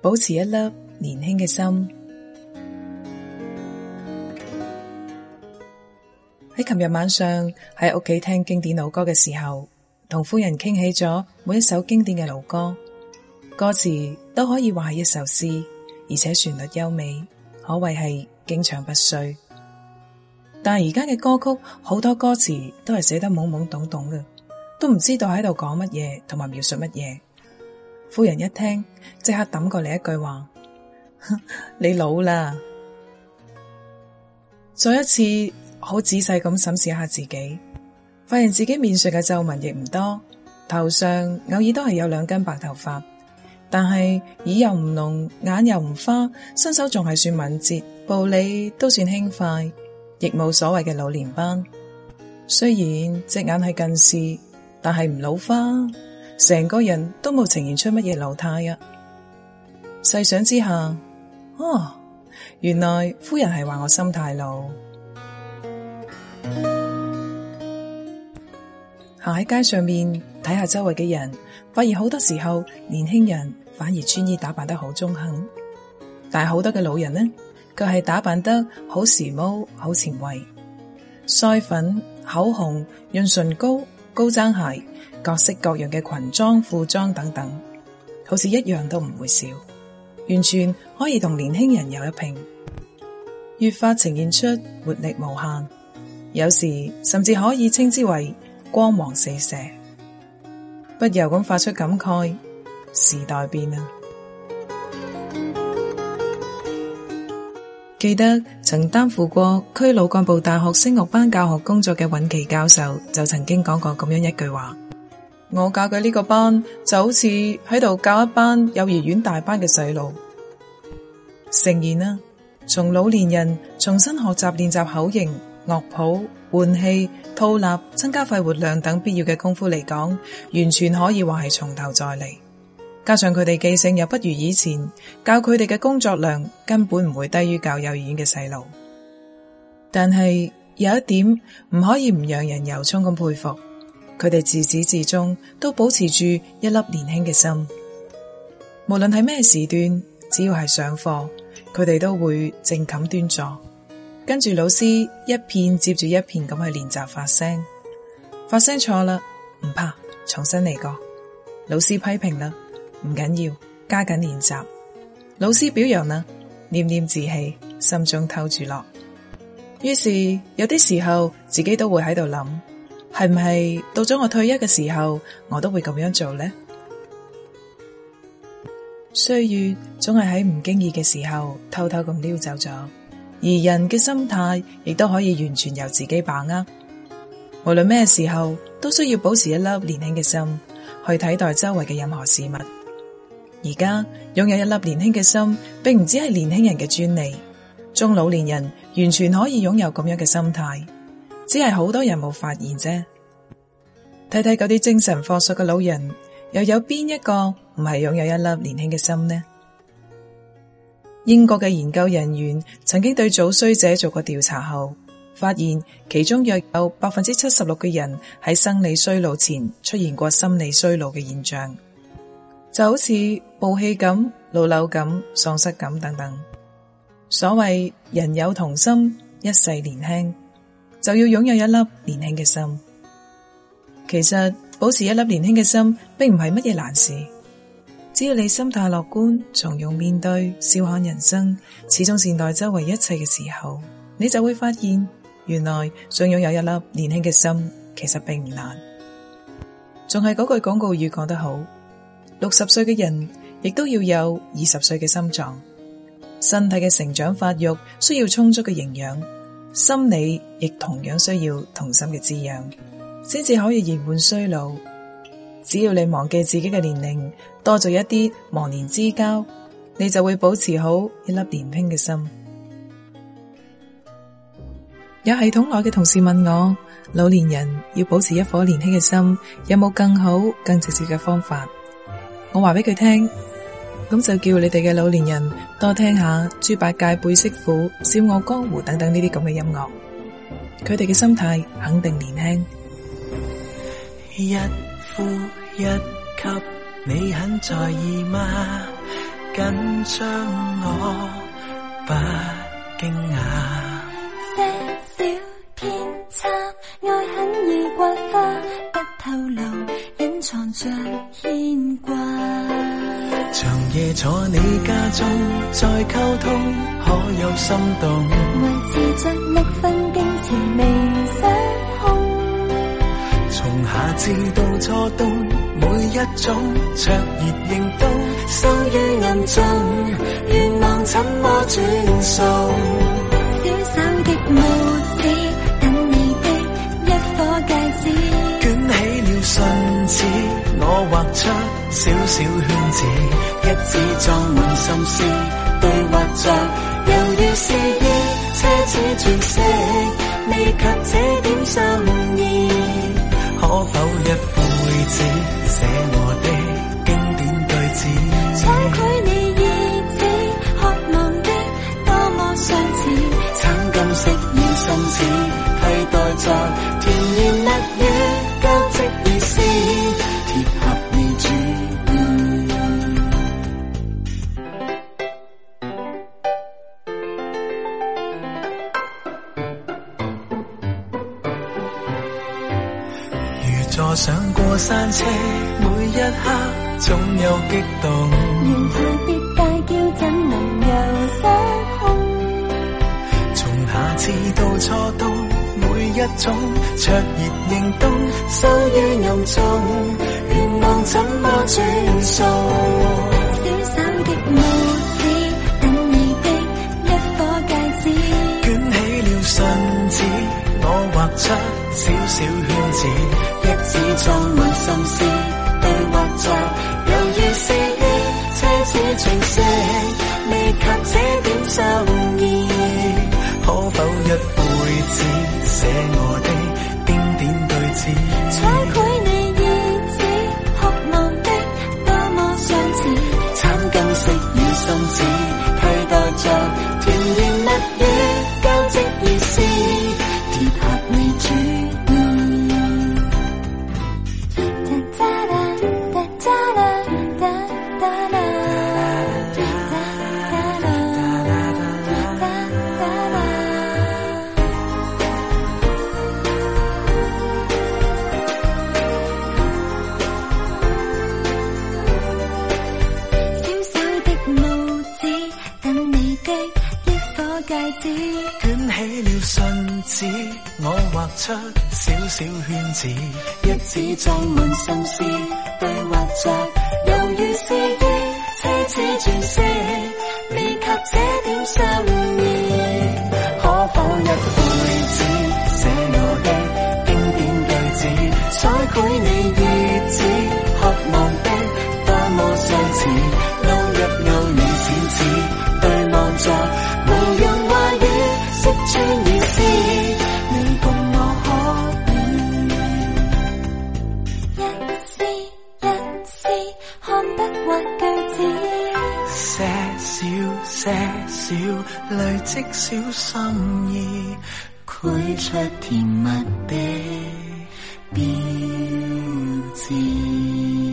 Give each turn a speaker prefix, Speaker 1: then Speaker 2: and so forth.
Speaker 1: 保持一粒年輕嘅心。喺琴日晚上喺屋企聽經典老歌嘅時候，同夫人傾起咗每一首經典嘅老歌，歌詞都可以話係一首詩，而且旋律優美，可謂係經長不衰。但而家嘅歌曲好多歌詞都係寫得懵懵懂懂嘅，都唔知道喺度講乜嘢同埋描述乜嘢。夫人一聽，即刻抌過嚟一句話：你老啦！再一次好仔細咁審視一下自己，發現自己面上嘅皺紋亦唔多，頭上偶爾都係有兩根白頭髮，但係耳又唔聾，眼又唔花，身手仲係算敏捷，步履都算輕快，亦冇所謂嘅老年斑。雖然隻眼係近視，但係唔老花。成個人都冇呈現出乜嘢老態呀！細想之下，哦，原來夫人係話我心態老。行喺 街上面睇下周圍嘅人，發現好多時候年輕人反而穿衣打扮得好中肯，但係好多嘅老人呢，卻係打扮得好時髦、好前衛，腮粉、口紅、潤唇膏。高踭鞋，各式各樣嘅裙裝、褲裝等等，好似一樣都唔會少，完全可以同年輕人有一拼，越發呈現出活力無限，有時甚至可以稱之為光芒四射，不由咁發出感慨：時代變啦。記得曾擔負過區老幹部大學聲樂班教學工作嘅尹琪教授就曾經講過咁樣一句話： 我教嘅呢個班就好似喺度教一班幼兒園大班嘅細路。誠然呢、啊，從老年人重新學習練習口型、樂譜、換氣、吐納、增加肺活量等必要嘅功夫嚟講，完全可以話係從頭再嚟。加上佢哋記性又不如以前，教佢哋嘅工作量根本唔會低於教幼兒園嘅細路。但係有一點唔可以唔讓人由衷咁佩服，佢哋自始至終都保持住一粒年輕嘅心。無論係咩時段，只要係上課，佢哋都會正襟端坐，跟住老師一片接住一片咁去練習發聲。發聲錯啦，唔怕，重新嚟過。老師批評啦。唔緊要，加緊練習。老師表揚啦，念念自喜，心中偷住樂。於是有啲時候，自己都會喺度諗，係唔係到咗我退休嘅時候，我都會咁樣做呢？歲月總係喺唔經意嘅時候，偷偷咁溜走咗。而人嘅心態，亦都可以完全由自己把握。無論咩時候，都需要保持一粒年輕嘅心，去睇待周圍嘅任何事物。而家擁有一粒年輕嘅心，並唔只係年輕人嘅專利，中老年人完全可以擁有咁樣嘅心態，只係好多人冇發現啫。睇睇嗰啲精神矍鑠嘅老人，又有邊一個唔係擁有一粒年輕嘅心呢？英國嘅研究人員曾經對早衰者做過調查後，發現其中約有百分之七十六嘅人喺生理衰老前出現過心理衰老嘅現象。就好似暴氣咁、老扭咁、喪失感等等。所謂人有童心，一世年輕，就要擁有一粒年輕嘅心。其實保持一粒年輕嘅心，並唔係乜嘢難事。Yay! 只要你心態樂觀、從容面對、笑看人生，始終善待周圍一切嘅時候，你就會發現，原來想擁有一粒年輕嘅心，其實並唔難。仲係嗰句廣告語講得好。六十歲嘅人，亦都要有二十歲嘅心臟。身體嘅成長發育需要充足嘅營養，心理亦同樣需要童心嘅滋養，先至可以延緩衰老。只要你忘記自己嘅年齡，多做一啲忘年之交，你就會保持好一粒年輕嘅心。有系統內嘅同事問我：老年人要保持一顆年輕嘅心，有冇更好、更直接嘅方法？我話俾佢聽，咁就叫你哋嘅老年人多聽下《豬八戒背媳婦》《笑傲江湖》等等呢啲咁嘅音樂，佢哋嘅心態肯定年輕。一呼一吸，你
Speaker 2: 很在意嗎？緊張我不驚訝，些少偏差，愛很易刮花，不透露，隱藏着。夜坐你家中，在溝通，可有心動？維持着六分敬前未失控，從夏至到初冬，每一種灼熱仍都收於暗中。願望怎麼轉送？小手 的拇指，等你的一顆戒指，捲起了信紙。畫出小小圈子，一紙裝滿心思。對畫着，由於詩意，奢侈詮釋未及這點心意。可否一輩子寫我的？坐上過山車，每一刻總有激動。願特別大叫，怎能又失控？從夏至到初冬，每一種灼熱凝凍，收於暗中，願望怎麼轉售？紙我畫出小小圈子，日子載滿心思，對畫著猶如詩意，奢侈鑽石未及這點心意。 可否一輩子寫我的經典句子，採取你日子，渴望的多麼相似。少些少累積小心意，繪出甜蜜的標誌。